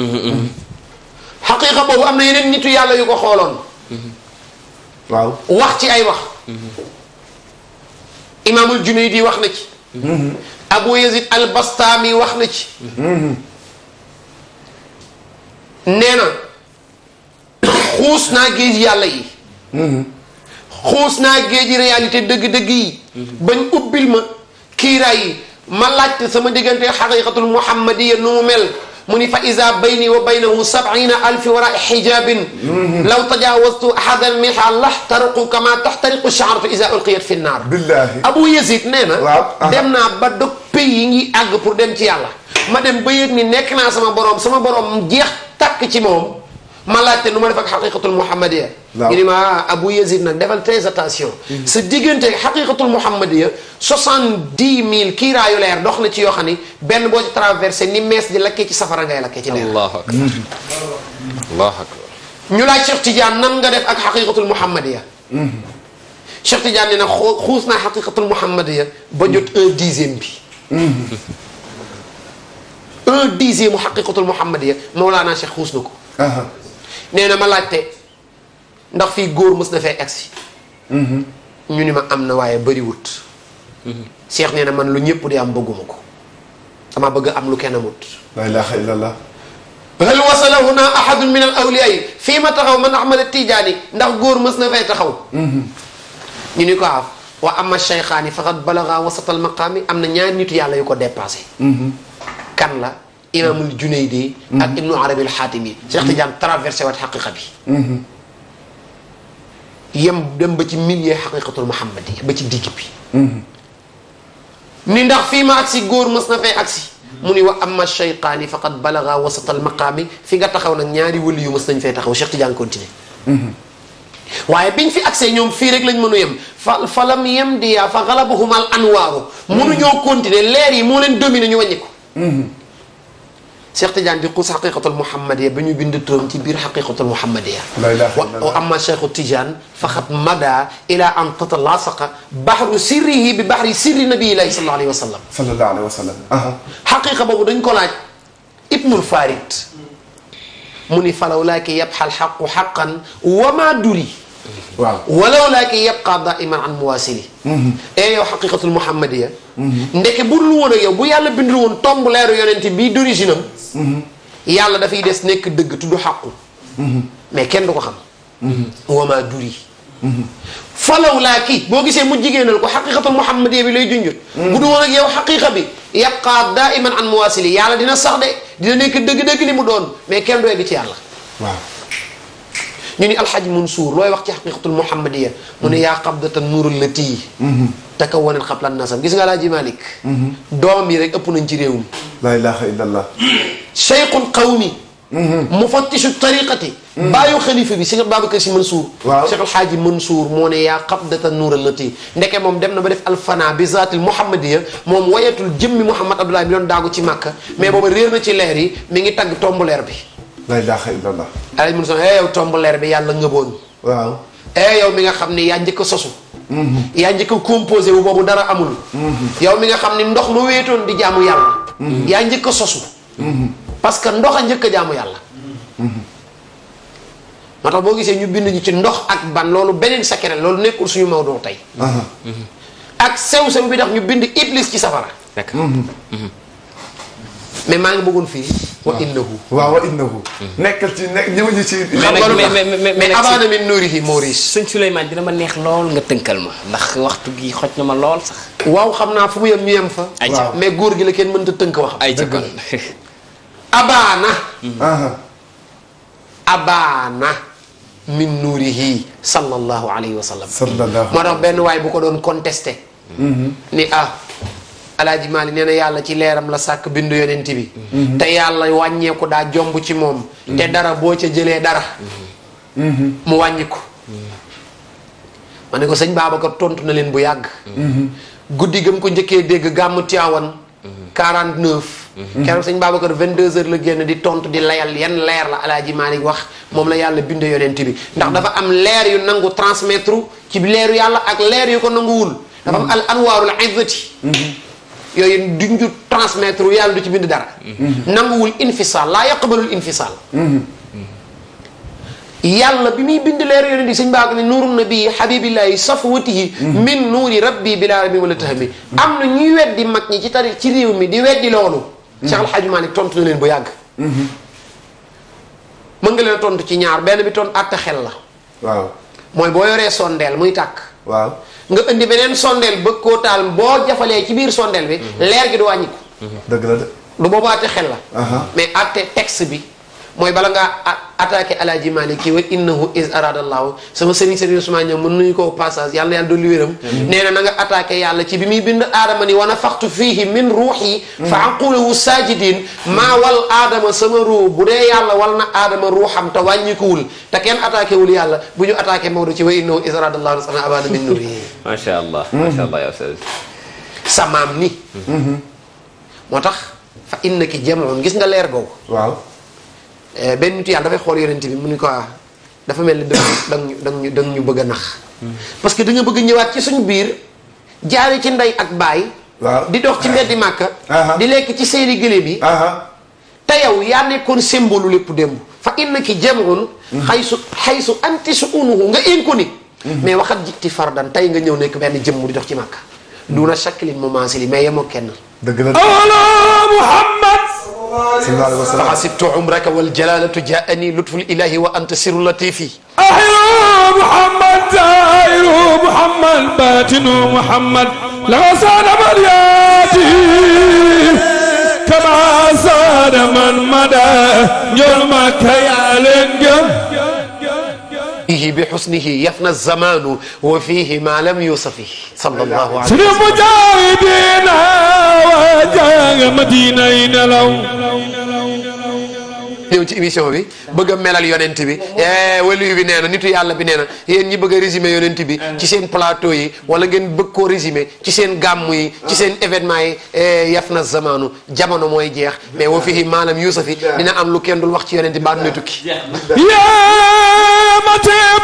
xaqiqa boobu am na yeneen nitu yàlla yu ko xooloon waaw wax ci ay wax imaamul junaydi wax na ci abu yazid al bastaami wax na ci nee na xuus naa géej yàlla yi xuus naa géej réalité dëgg-dëgg yi bañ ubbil ma kiiraay ma laajte sama diggante xaqiqatul muhammadiya nu mu mel mu ni fa isa bayni wa a sabina alfi wara xijabin law tajawastu ahadan minha laxtariqu kama taxtariqu shaaratu isa ulqiyat fi naar billahi abu yazid nee na dem naa ba dog pays yi ngi àgg pour dem ci yàlla ma dem ba yëg ni nekk naa sama borom sama borom jeex takk ci moom ma laajte nu ma def ak xaqiqatul muhammadiya ñu ni ma Abu Yazid nag defal très attention mm-hmm. sa diggante xaqiqatul muhammadiya soixante-dix mille kiiraayu leer dox na ci yoo xam ni benn boo ci traversé ni mees di lakkee ci safara ngay lakkee ci leer allahu akbar mm-hmm. allahu akbar ñu laaj Cheikh Tidiane nan nga def ak xaqiqatul muhammadiya mm-hmm. Cheikh Tidiane ne nag xuus naa xaqiqatul muhammadiya ba jot un dixième bi un dixième mu xaqiqatul muhammadiya Mawlaana Cheikh xuus na ko nee na ma laajte ndax fii góor mës na fee egsi mhm. ñu ni ma am na waaye bariwut mhm. Cheikh nee na man lu ñëpp di am bëgguma ko dama bëgg am lu kenn amut la ilaha illallah hal wasala huna ahadun min al awliyayi fii ma taxaw man ahmad tijaani ndax góor mës na fay taxaw mhm. ñu ni ko am wa ama cheykhaani faqad balaga wasat al maqaami am na ñaari nitu yàlla yu ko dépassé kan la imaamul Junaydi ak mhm. ibnu arabi al xaatimi Cheikh mhm. Tidiane traversé waat xaqiqa bi mhm. yem dem ba ci milieu xaqiqatul muhammadi ba ci digg bi ni ndax fii ma agsi góor mës na fay agsi mu ni wa amma shaytaani faqad balaga wasata al maqaami fi nga taxaw nag ñaari wëli yu mës nañ fay taxaw Cheikh Tidiane continué waaye biñ fi accès ñoom fii rek lañ mën a yem fa fa lam yem diyaa fa galabahum al anwaaru mënuñoo continuer leer yi moo leen dominer ñu wàññi ko Cheikh Tidiane di xus xaqiqatul muhammadiya ba ñu bind turam ci biir xaqiqatul muhammadiya wa amma cheikhu Tidiane faxat mada ila an tatalasaqa baxru sirrihi bi baxri sirri nabiyillahi sallallahu alayhi wa sallam sallallahu alayhi wa sallam xaqiqa boobu dañ ko laaj ibnul farid mu ni falaw laaki yabxa alxaqu xaqan wa ma duri waaw walaw laaki yabqa daiman an muwaasili e yow xaqiqatul muhammadiya mhm. ndeke bu dul woon ak yow bu yàlla bindul woon tomb leeru yonente bii d'origine am Mm-hmm. yàlla dafay des nekk dëgg tudd xàqu mm-hmm. mais kenn du ko xam mm-hmm. wama duri falaw laa kii boo gisee mu jigéenal ko xaqiqatul muhammadiya bi lay junjut bu du woon ak yow xaqiqa bi yabqaa daa iman an muwaasili yàlla dina sax de dina nekk dëgg-dëgg li mu doon mais kenn du egg ci ñu ni alxaj Mansour looy wax ci xaqiqatul muhammadiya mu ne yaa qabdata nuurul lati mm-hmm. taka waneen xablan nasam gis nga alaaji Malick mm-hmm. doom yi rek ëpp nañ ci réew mi la ilaha illallah cheikhul qawmi mm-hmm. mufattishu tariqati bàyyu xalifa bi si nga Babacar Si Mansour waaw Cheikh alxaaji Mansour moo ne yaa qabdata nuural lati ndeke moom dem na ba def alfana bi zaatil muhammadiya moom wayatul jëmmi Mouhamad Abdoulaye bi doon daagu ci Makka mais booba réer na ci leer yi mi ngi tagg tombu leer bi la ilaha illallah. Aliou Moussa eh yow tomb leer bi yàlla ngëboon. waaw eh yow mi nga xam ni yaa njëkk sosu. Mm-hmm. yaa njëkk a composé wu boobu dara amul. Mm-hmm. yow mi nga xam ni ndox mu wéetoon di jaamu yàlla. Mm-hmm. yaa njëkk sosu. parce que ndox a njëkk a jaamu yàlla. moo tax boo gisee ñu bind ñu ci ndox ak ban loolu beneen secret loolu nekkul suñu Maodo tey. Uh-huh. ak sew sew bi tax ñu bind iblis ci safara. mais maa ngi bëggoon fii. wa innahu waaw wa innahu mhm. nekkal ci nekk ñëw ñu ci. xam nga lu tax mais amaana min nuurihi Maurice. neex lool nga tënkal ma. ndax waxtu gi xoj na ma lool waaw xam naa fu mu yem ñu yem fa. mais góor gi la kenn mënta tënk wax. ay ci kon *laughs* abaana. Mhm. abaana. min nuurihi sallallahu alayhi wa sallam. sallallahu moo tax benn waay bu ko doon contesté. Mhm. ni ah. alaaji maali nee na yàlla ci leeram la sàkk bindu yonent bi mhm. te yàlla wàññeeku daa jomb ci moom mhm. te dara boo ca jëlee dara mhm. mu wàññi ko ma ko sëñ Babacar tontu na leen bu yàgg guddi gëm ko njëkkee dégg gàmm Tiwaawan 49. keroog sëñ Babacar 22h la génn di tontu di layal yan leer la alaaji wax moom la yàlla bindee yonent bi ndax dafa am leer yu nangu transmettre ci leeru yàlla ak leer yu ko nanguwul dafa am al anwaarul izzati yooyu duñ ñu transmettre yàlla du ci bind dara. nanguwul infisaal laa yaqbalul infisaal. yàlla bi muy bind leer yonent yi sëñ baa ko ne nuuru nabii habibillahi safwatihi min yi rabbi bila rabi wala tahami am na ñuy weddi mag ñi ci tari ci réew mi di weddi loolu Cheikh El tontu na leen bu yàgg mën nga leen tontu ci ñaar benn bi tontu àtte xel la mooy boo yoree sondeel muy tàkk waaw nga indi beneen sondeel bëgg koo taal boo jafalee ci biir sondeel bi. Mhm. leer gi du wàññi dëgg la de. lu boobaa te xel la. mais àtte texte bi. mooy bala ngaa attaqué alaaji Malick kii wa innahu is arada allahu sama sëriñ sëriñ Ousmane ñoom mën nañu koo passage yàlla na wéram nee na na yàlla ci bi muy bind aadama ni wa nafaxtu fii min ruuxi mm. fa aqulahu sajidin maa wal aadama sama ruux bu dee yàlla wal na aadama ruuxam te wàññikuwul te kenn attaqué wul yàlla bu ñu attaqué Maodo ci wa innahu is arada allahu sana abana min nurihi *laughs* macha allah mm-hmm. macha allah yow samaam ni mm-hmm. moo tax fa innaki jamoon gis nga leer googu Eh, benn nit yàlla dafay xool yonent bi mu ni ko ah, dafa mel ni dang dang ñu bëgg a nax hmm. parce que da bëgg ñëwaat ci suñu biir jaare ci ndey ak baay waaw di dox ci mbeddi màkka di lekk ci seeni gëléem yi te yow yaa nekkoon symbole lépp démb fa inna ki jam'un xaysu hmm. xaysu anti su unuhu nga inconnu hmm. mais waxat jikti fardan tey nga ñëw nekk benn jëmm di dox ci nag màkka duna shaklin mumaasili mais yemoo kenn dëgg la ala muhammad sallallahu alayhi wa sallam fahasibtu umraka wal jalalatu jaani lutful ilahi wa anta siru latifi ahya muhammad tairu muhammad batinu muhammad law sada man yati kama sada man mada ñol ma kayalen gëm bihi bi xusnihi yafna zamanu wa fihi ma lam yusafi sallallahu alayhi wa sallam ñëw ci émission bi bëgg melal yonent bi eh, waliyu bi nee na nitu yàlla bi nee na yéen ñi bëgg a résumé yonent bi ci seen plateau yi wala ngeen bëgg koo résumé ci seen gàmm yi ci seen événement yi eh, yaf na zamanu jamono mooy jeex mais fi wa fihi maanaam yuusafi dina am lu kenn dul wax ci yonent bi baa duna tukki yamate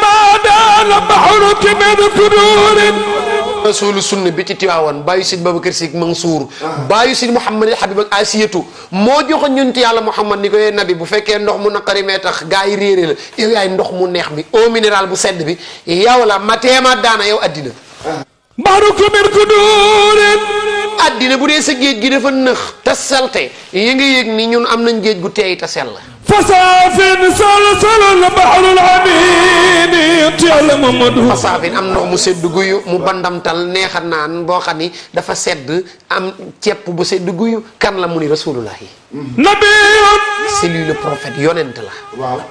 ma daana baxru ki min kudurin rasulu sunna bi ci Tiwaawan bàyyi Sidi Babacar Sy Mansour bàyyi Sidi Mouhamad El Habib ak Asiyatu moo joxoon ñun ci yàlla Mouhamad ni ko yee nabi bu fekkee ndox mu naqari mee tax gaa yi réeré la yow yaay ndox mu neex bi eau minérale bu sedd bi yow la ma teema daana yow addina mbaxaru komer ko dóoleen addina bu dee sa géej gi dafa nëx te salte yi nga yëg ni ñun am nañ géej gu teey te sell fasaafin salsalul bahrul amin yàlla Mamadu fasaafin am ndox mu sedd guyu mu bandamtal neexa boo xam ni dafa sedd am cep bu sedd guyu kan la mu ni rasulullah yi nabiyun prophète yonent la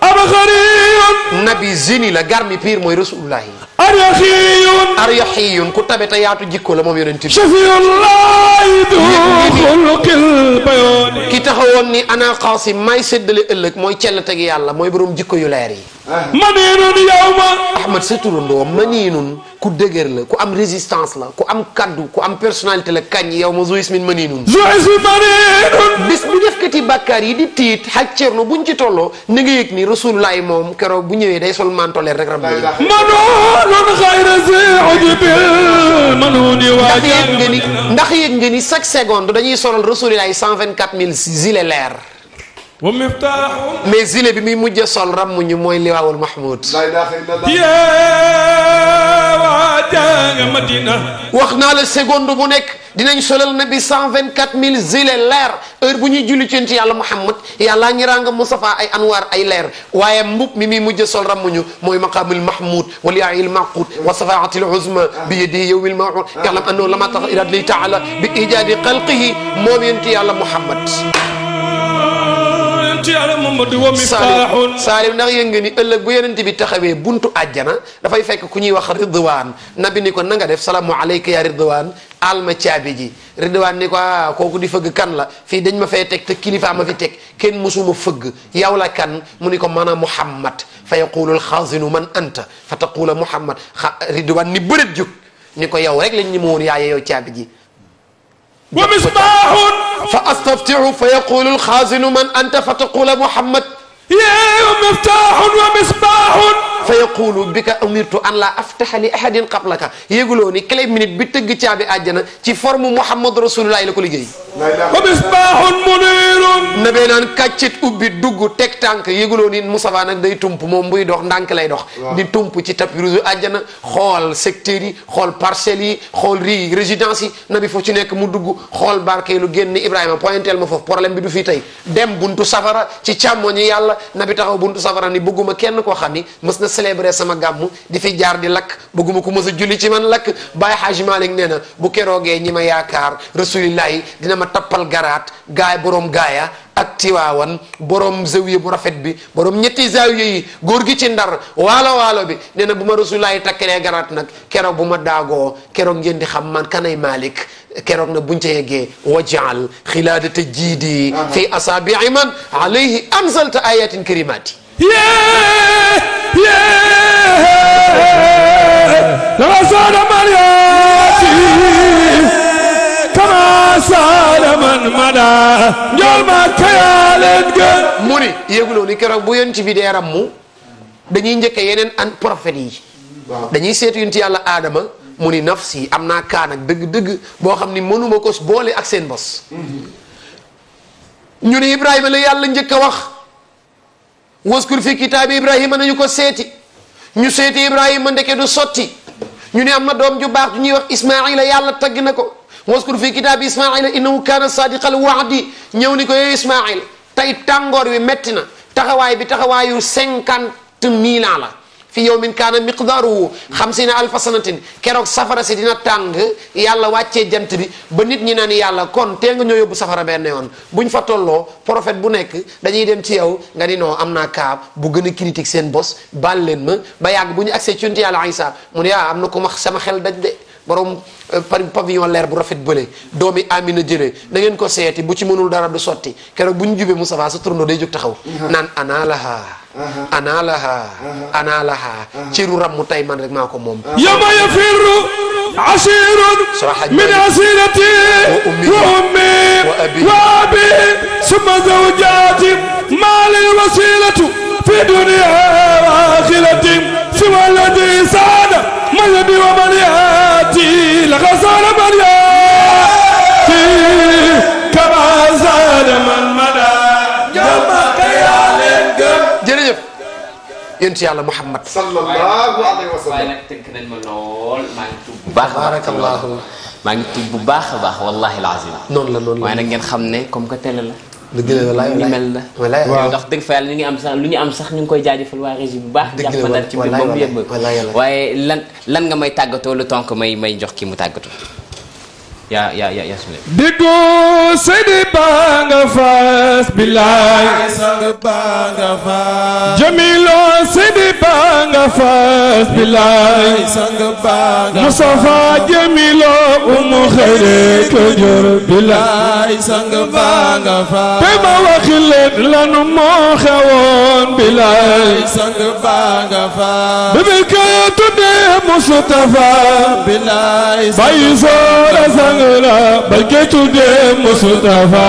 ab xariyun nabi zini la garmi pire mooy rasulullahi aryaxiyun aryaxiyun ku tabe te yaatu jikko la moom yonent bi shafiyullahi du xulqil bayoon ki taxawoon ni ana xaasim may séddale ëllëg mooy cell teg yàlla mooy borom jikko yu leer yi maniinun yawma ahmad sa turandoo maniinun ku dëgër la ku am résistance la ku am kaddu ku am personnalité la kañ yow ma zoïs min maninun zoïs min maninun bis bu defkati bàkkaar yi di tiit xaj ceerno buñ ci tolloo na nga yëg ni rasulullaay moom keroog bu ñëwee day sol mantoleer rek rab manonon xayra siojbil manuni ndax yëg nga ni ndax yëg nga ni chaque seconde dañuy solal rasulullaay cent vingt quatre mille gilet leer wa miftaaxu mais gilet bi muy mujj sol rammuñu mooy liwaawul Mahmoud jaaga madina wax naa la seconde bu nekk dinañ solal na bi cent vingt quatre mille zile leer heure bu ñuy julli ci yàlla Muhammad yàllaa ngi ràng Mustafa ay anwaar ay leer waaye mbub mi muy mujj sol ñu mooy maqaamul mahmud waliyaayil maqud wa safaatil uzma bi yadihi yowmil mawud yàlam annahu lama tax iraad li taala bi ijaadi xalqihi moom yenti yàlla Muhammad ci yàlla Mamadu wa mifaaxun Saalim ndax yëg nga ni ëllëg bu yonent bi taxawee buntu àjjana dafay fekk ku ñuy wax Ridwaan nabi ni ko na nga def salaamu aleyka yaa Ridwaan alma caabi ji Ridwaan ni ko ah kooku di fëgg kan la fii dañ ma fay teg te kilifaa ma fi teg kenn mësuma fëgg yow la kan mu ni ko maanaam Muhammad fa yaqulu alxaazinu man anta fa taqula Muhammad xa Ridwaan ni bëreet jóg ni ko yow rek lañ ñi ma woon yaaye yow caabi ji wa misbaaxun fa astaftihu fa yaqulu alxaazinu man anta fa taqula muhammad. yee wa miftaaxun wa misbaaxun fa yaqulu bi ka umirtu an la aftaha li ahadin qablaka yéeguloo ni clé minute bi tëgg caabi àjjana ci forme Muhammad Rasulullahi la ko liggéey wa misbahun munirun nabee naan kàccit ubbi dugg teg tànk loo ni Moustapha nag day tump moom buy dox ndànk lay dox di tump ci tapis rouge àjjana xool secteurs yi xool parcelles yi xool ri résidence yi na bi foofu ci nekk mu dugg xool barkeelu génn Ibrahima pointel ma foofu problème bi du fii tey dem buntu safara ci càmmoñi yàlla nabi taxaw buntu safara ni bëgguma kenn koo xam célébrer sama gàmmu di fi jaar di lakk bëgguma ko mës a julli ci man lakk Baye Hadj Malick nee na bu keroogee ñi ma yaakaar rasulillahi dina ma tappal garaat gaay borom gaaya ak tiwaawan borom zawiye bu rafet bi borom ñetti zawiye yi góor gi ci ndar waalo waalo bi nee bu ma rasulillahi takkalee garaat nag keroog bu ma daagoo keroog ngeen di xam man kanay Malick keroog na buñ ca yeggee wajaal xilaadata jiidi fi asaabii man alayhi anzalta ayatin karimati يا لما صار من ياتي كما صار من مدى نجول ما كيالين جن موني يقولوا لك ربو ينتبه دي رمو dañuy njëkke yeneen an prophètes yi dañuy seetu yonent yàlla aadama mu ni nafsi am naa kaa nag dëgg-dëgg boo xam ni mënuma ko boole ak seen bos mm-hmm. ñu ni ibrahima la yàlla njëkk a wax waskur fi kitaabi ibrahima nañu ko seeti ñu seeti ibrahima ndeke du sotti ñu ne am na doom ju baax ju ñuy wax ismaila yàlla tagg na ko waskur fi kitaabi ismaila innahu kaana sadiqal waadi ñëw ni ko yee ismail tey tàngoor wi metti na taxawaay bi taxawaayu cinquante mille ans la fi yawmin kaana miqdaaruhu xamsiina alfa sanatin keroog safara si dina tàng yàlla wàccee jant bi ba nit ñi naan yàlla kon tee nga ñoo yóbbu safara benn yoon buñ fa tolloo prophète bu nekk dañuy dem ci yow nga ni noo am na kaab bu gën a critique seen bos baal leen ma ba yàgg bu ñu agsee ci yàlla Isa mu ne ah am na ko ma sama xel daj de borom euh, pavillon leer bu rafet bële doomi amina jëlee na ngeen ko seeti bu ci mënul dara du sotti keroog bu ñu jubee Moustapha sa turno day jóg taxaw Uh-huh. ana laha uh-huh. ana laha uh-huh. ciru rammu tey man rek maa ko moom yawma yafirru asirun min asirati wa ummi wa abi summa zawjati ma lil wasilatu fi dunya wa akhirati siwa alladi saada man yabi wa man yati la khasara man yati yonent yàlla Muhammad. sallallahu alayhi wa sallam waaye nag tënk nañ ma lool maa ngi tuub bu baax baarakallaahu maa ngi tuub bu baax a baax wallaahi alazim. noonu la noonu la waaye nag ngeen xam ne comme que télé la. dëgg la walaay ni mel la. walaay waaw ndax dëgg fa yàlla ñu ngi am sax lu ñu am sax ñu ngi koy jaajëfal waa régie bu baax. dëgg la walaay walaay jàppandal ci biir boobu yëpp. waaye lan lan nga may tàggatoo le temps que may may jox kii mu tàggatoo. yaa yaa yaa sunu lépp. Mustafa Jamilo umu xayre këjër bilaay. sang baa nga faas. te ma waxi leen lanu moo xewoon bilaay. sang baa Mustafa bilaay bay soora sang la bay ke tudde Mustafa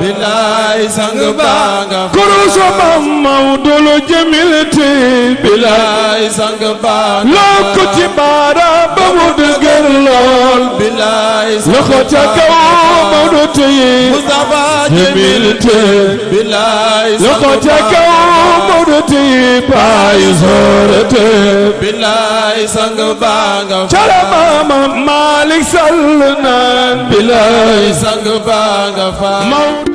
bilaay sang banga kurusu mammaw dulu jemilti bilaay sang banga lokku ci baara ba mu dëgër lool bilaay loxo ca kaw Maodo tëye Mustafa jemilti bilaay loxo ca kaw Maodo tëye bay soora tëye bilaay sang nga baanga cara maama Malick Sall naan bilaay sang baanga faa